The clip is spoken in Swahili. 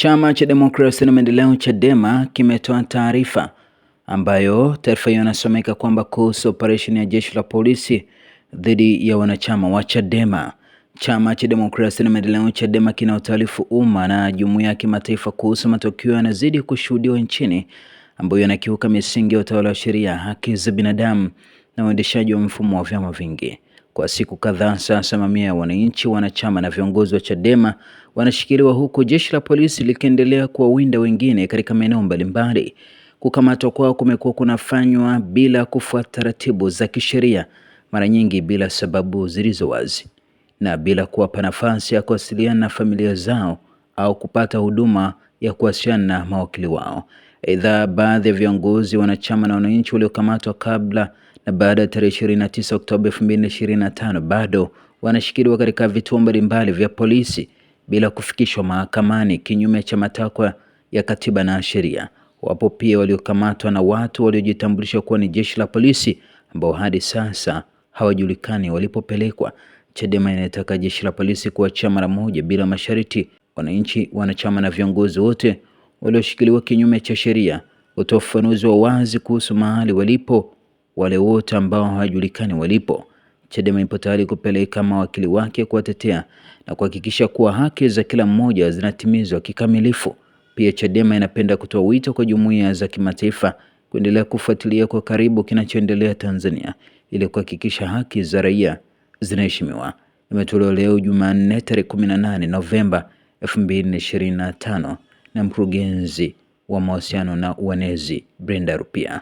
Chama cha Demokrasia na Maendeleo Chadema kimetoa taarifa ambayo taarifa hiyo inasomeka kwamba kuhusu operesheni ya jeshi la polisi dhidi ya wanachama wa Chadema. Chama cha Demokrasia na Maendeleo Chadema kina utaarifu umma na jumuiya ya kimataifa kuhusu matukio yanazidi kushuhudiwa nchini ambayo yanakiuka misingi ya utawala wa sheria, haki za binadamu na uendeshaji wa mfumo wa vyama vingi. Kwa siku kadhaa sasa, mamia ya wananchi, wanachama na viongozi wa Chadema wanashikiliwa huku jeshi la polisi likiendelea kuwawinda wengine katika maeneo mbalimbali. Kukamatwa kwao kumekuwa kunafanywa bila kufuata taratibu za kisheria, mara nyingi bila sababu zilizo wazi na bila kuwapa nafasi ya kuwasiliana na familia zao au kupata huduma ya kuwasiliana na mawakili wao. Aidha, baadhi ya viongozi, wanachama na wananchi waliokamatwa kabla na baada ya tarehe 29 Oktoba 2025 bado wanashikiliwa katika vituo mbalimbali vya polisi bila kufikishwa mahakamani kinyume cha matakwa ya katiba na sheria. Wapo pia waliokamatwa na watu waliojitambulisha kuwa ni jeshi la polisi ambao hadi sasa hawajulikani walipopelekwa. Chadema inataka jeshi la polisi chama mara moja bila masharti wananchi, wanachama na viongozi wote walioshikiliwa kinyume cha sheria, utoa ufafanuzi wa wazi kuhusu mahali walipo wale wote ambao hawajulikani walipo. Chadema ipo tayari kupeleka mawakili wake kuwatetea na kuhakikisha kuwa haki za kila mmoja zinatimizwa kikamilifu. Pia Chadema inapenda kutoa wito kwa jumuiya za kimataifa kuendelea kufuatilia kwa karibu kinachoendelea Tanzania ili kuhakikisha haki za raia zinaheshimiwa. Imetolewa leo Jumanne tarehe 18 Novemba 2025 na mkurugenzi wa mawasiliano na uenezi Brenda Rupia.